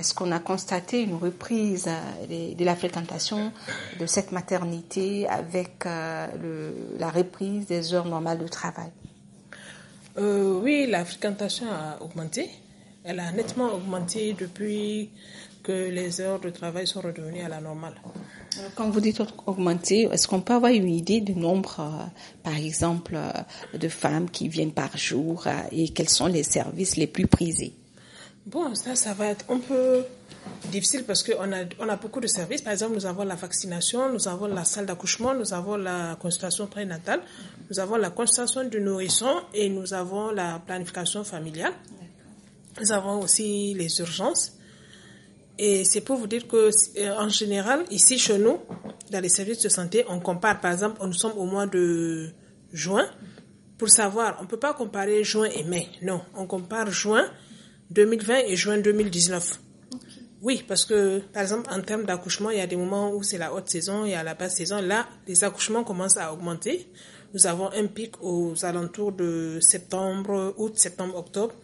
Est-ce qu'on a constaté une reprise euh, de la fréquentation de cette maternité avec euh, la reprise des heures normales de travail euh, Oui, la fréquentation a augmenté. Elle a nettement augmenté depuis que les heures de travail sont redevenues à la normale. quand vous dites augmenter, est-ce qu'on peut avoir une idée du nombre, par exemple, de femmes qui viennent par jour et quels sont les services les plus prisés Bon, ça, ça va être un peu difficile parce qu'on a, on a beaucoup de services. Par exemple, nous avons la vaccination, nous avons la salle d'accouchement, nous avons la consultation prénatale, nous avons la consultation du nourrisson et nous avons la planification familiale. Nous avons aussi les urgences. Et c'est pour vous dire que, euh, en général, ici chez nous, dans les services de santé, on compare. Par exemple, nous sommes au mois de juin. Pour savoir, on ne peut pas comparer juin et mai. Non, on compare juin 2020 et juin 2019. Oui, parce que, par exemple, en termes d'accouchement, il y a des moments où c'est la haute saison, il y a la basse saison. Là, les accouchements commencent à augmenter. Nous avons un pic aux alentours de septembre, août, septembre, octobre.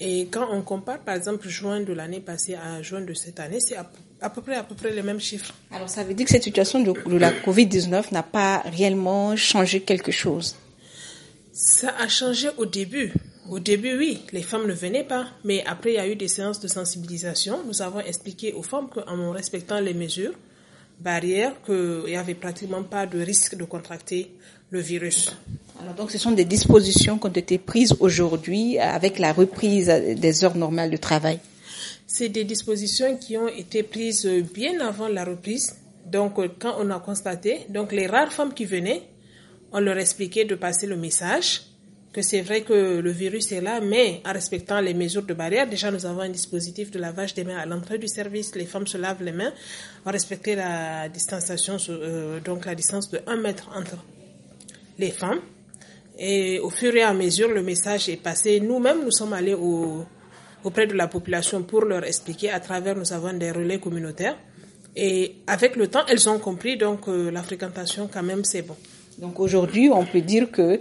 Et quand on compare, par exemple, juin de l'année passée à juin de cette année, c'est à, peu près à peu près les mêmes chiffres. Alors, ça veut dire que cette situation de, de la COVID-19 n'a pas réellement changé quelque chose Ça a changé au début, au début, oui, les femmes ne venaient pas, mais après, il y a eu des séances de sensibilisation. Nous avons expliqué aux femmes qu'en respectant les mesures barrières, qu'il n'y avait pratiquement pas de risque de contracter le virus. Alors donc, ce sont des dispositions qui ont été prises aujourd'hui avec la reprise des heures normales de travail. C'est des dispositions qui ont été prises bien avant la reprise. Donc, quand on a constaté, donc les rares femmes qui venaient, on leur expliquait de passer le message que c'est vrai que le virus est là, mais en respectant les mesures de barrière, déjà nous avons un dispositif de lavage des mains à l'entrée du service. Les femmes se lavent les mains en respectant la distanciation, euh, donc la distance de 1 mètre entre les femmes. Et au fur et à mesure, le message est passé. Nous-mêmes, nous sommes allés auprès de la population pour leur expliquer. À travers, nous avons des relais communautaires. Et avec le temps, elles ont compris, donc euh, la fréquentation, quand même, c'est bon. Donc aujourd'hui, on peut dire que euh,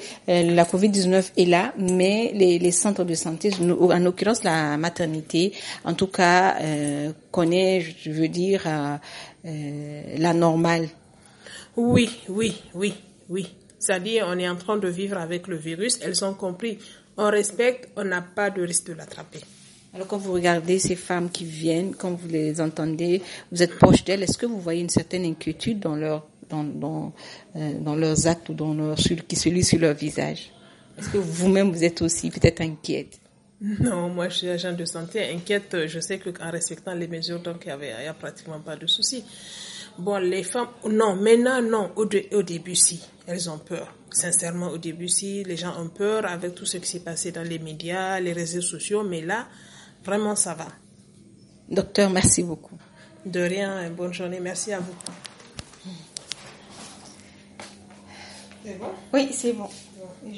la COVID-19 est là, mais les, centres de santé, en l'occurrence la maternité, en tout cas, euh, connaît, je veux dire, euh, la normale. Oui, oui, oui, oui. C'est-à-dire, on est en train de vivre avec le virus. Elles ont compris. On respecte, on n'a pas de risque de l'attraper. Alors quand vous regardez ces femmes qui viennent, quand vous les entendez, vous êtes proche d'elles, est-ce que vous voyez une certaine inquiétude dans leur dans, euh, dans, leurs actes ou dans leur, qui se lit sur leur visage. Est-ce que vous-même, vous êtes aussi peut-être inquiète non, moi je suis agent de santé, inquiète. Je sais qu'en respectant les mesures, donc il n'y a pratiquement pas de souci. Bon, les femmes, non, maintenant, non, au, au début, si, elles ont peur. Sincèrement, au début, si, les gens ont peur avec tout ce qui s'est passé dans les médias, les réseaux sociaux, mais là, vraiment, ça va. Docteur, merci beaucoup. De rien, bonne journée, merci à vous. C'est bon Oui, c'est bon.